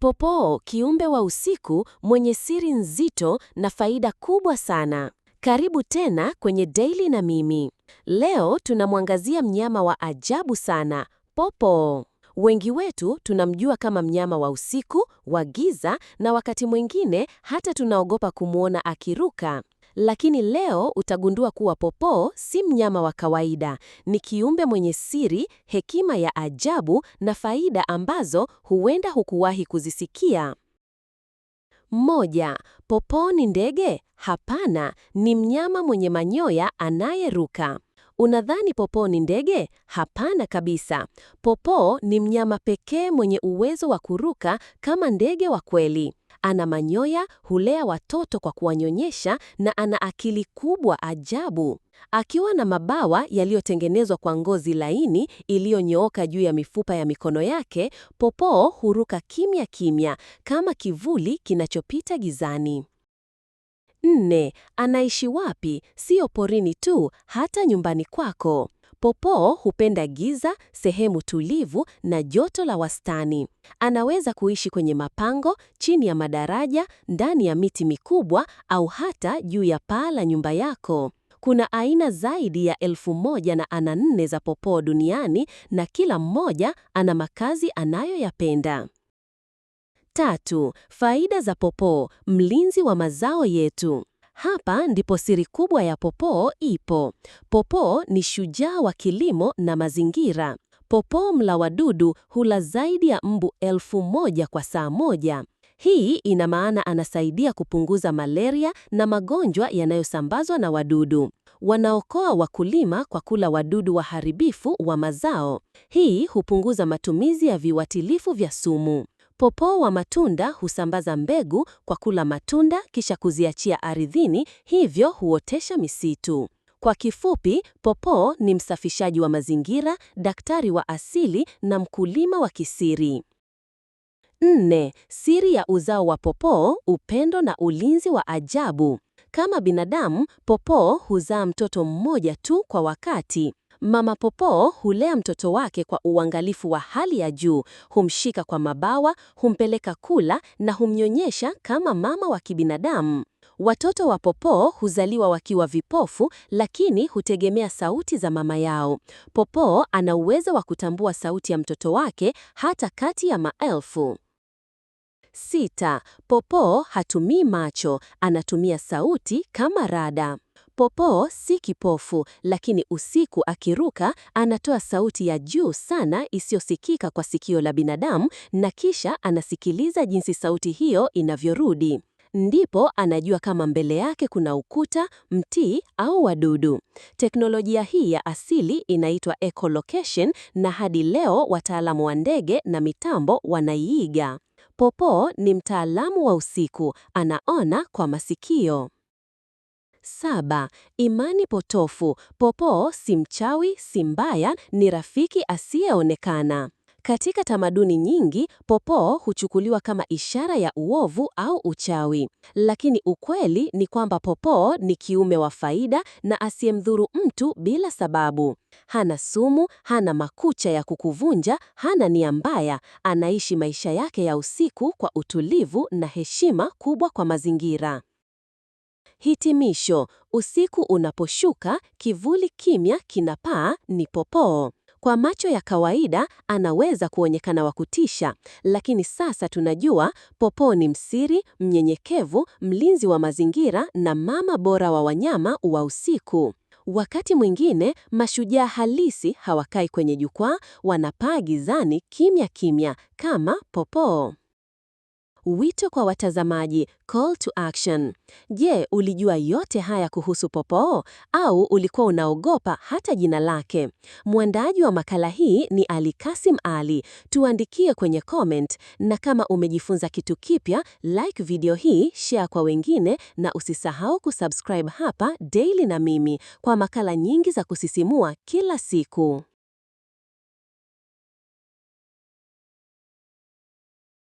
Popo, kiumbe wa usiku mwenye siri nzito na faida kubwa sana. Karibu tena kwenye Daily na mimi. Leo tunamwangazia mnyama wa ajabu sana, popo. Wengi wetu tunamjua kama mnyama wa usiku, wa giza na wakati mwingine hata tunaogopa kumwona akiruka. Lakini leo utagundua kuwa popo si mnyama wa kawaida, ni kiumbe mwenye siri, hekima ya ajabu na faida ambazo huenda hukuwahi kuzisikia. Moja, popo ni ndege? Hapana, ni mnyama mwenye manyoya anayeruka. Unadhani popo ni ndege? Hapana kabisa. Popo ni mnyama pekee mwenye uwezo wa kuruka kama ndege wa kweli. Ana manyoya, hulea watoto kwa kuwanyonyesha na ana akili kubwa ajabu. Akiwa na mabawa yaliyotengenezwa kwa ngozi laini iliyonyooka juu ya mifupa ya mikono yake, Popo huruka kimya kimya kama kivuli kinachopita gizani. Nne, anaishi wapi? Sio porini tu, hata nyumbani kwako. Popo hupenda giza, sehemu tulivu na joto la wastani. Anaweza kuishi kwenye mapango, chini ya madaraja, ndani ya miti mikubwa au hata juu ya paa la nyumba yako. Kuna aina zaidi ya elfu moja na ana nne za popo duniani na kila mmoja ana makazi anayoyapenda. Tatu, faida za popo, mlinzi wa mazao yetu. Hapa ndipo siri kubwa ya Popo ipo. Popo ni shujaa wa kilimo na mazingira. Popo mla wadudu hula zaidi ya mbu elfu moja kwa saa moja. Hii ina maana anasaidia kupunguza malaria na magonjwa yanayosambazwa na wadudu. Wanaokoa wakulima kwa kula wadudu waharibifu wa mazao. Hii hupunguza matumizi ya viuatilifu vya sumu. Popo wa matunda husambaza mbegu kwa kula matunda kisha kuziachia ardhini, hivyo huotesha misitu. Kwa kifupi, popo ni msafishaji wa mazingira, daktari wa asili na mkulima wa kisiri. Nne, siri ya uzao wa popo, upendo na ulinzi wa ajabu. Kama binadamu, popo huzaa mtoto mmoja tu kwa wakati. Mama Popo hulea mtoto wake kwa uangalifu wa hali ya juu, humshika kwa mabawa, humpeleka kula na humnyonyesha kama mama wa kibinadamu. Watoto wa Popo huzaliwa wakiwa vipofu lakini hutegemea sauti za mama yao. Popo ana uwezo wa kutambua sauti ya mtoto wake hata kati ya maelfu. Sita, Popo hatumii macho, anatumia sauti kama rada. Popo si kipofu, lakini usiku akiruka anatoa sauti ya juu sana isiyosikika kwa sikio la binadamu, na kisha anasikiliza jinsi sauti hiyo inavyorudi. Ndipo anajua kama mbele yake kuna ukuta, mti au wadudu. Teknolojia hii ya asili inaitwa echolocation na hadi leo wataalamu wa ndege na mitambo wanaiiga. Popo ni mtaalamu wa usiku, anaona kwa masikio. Saba, imani potofu. Popo si mchawi, si mbaya, ni rafiki asiyeonekana. Katika tamaduni nyingi, popo huchukuliwa kama ishara ya uovu au uchawi, lakini ukweli ni kwamba popo ni kiume wa faida na asiyemdhuru mtu bila sababu. Hana sumu, hana makucha ya kukuvunja, hana nia mbaya. Anaishi maisha yake ya usiku kwa utulivu na heshima kubwa kwa mazingira. Hitimisho: usiku unaposhuka, kivuli kimya kinapaa, ni Popoo. Kwa macho ya kawaida anaweza kuonekana wa kutisha, lakini sasa tunajua Popoo ni msiri, mnyenyekevu, mlinzi wa mazingira na mama bora wa wanyama wa usiku. Wakati mwingine mashujaa halisi hawakai kwenye jukwaa, wanapaa gizani kimya kimya kama Popoo. Wito kwa watazamaji, call to action. Je, ulijua yote haya kuhusu Popo au ulikuwa unaogopa hata jina lake? Mwandaji wa makala hii ni Ali Kasim Ali. Tuandikie kwenye comment, na kama umejifunza kitu kipya, like video hii, share kwa wengine, na usisahau kusubscribe hapa Daily na Mimi kwa makala nyingi za kusisimua kila siku.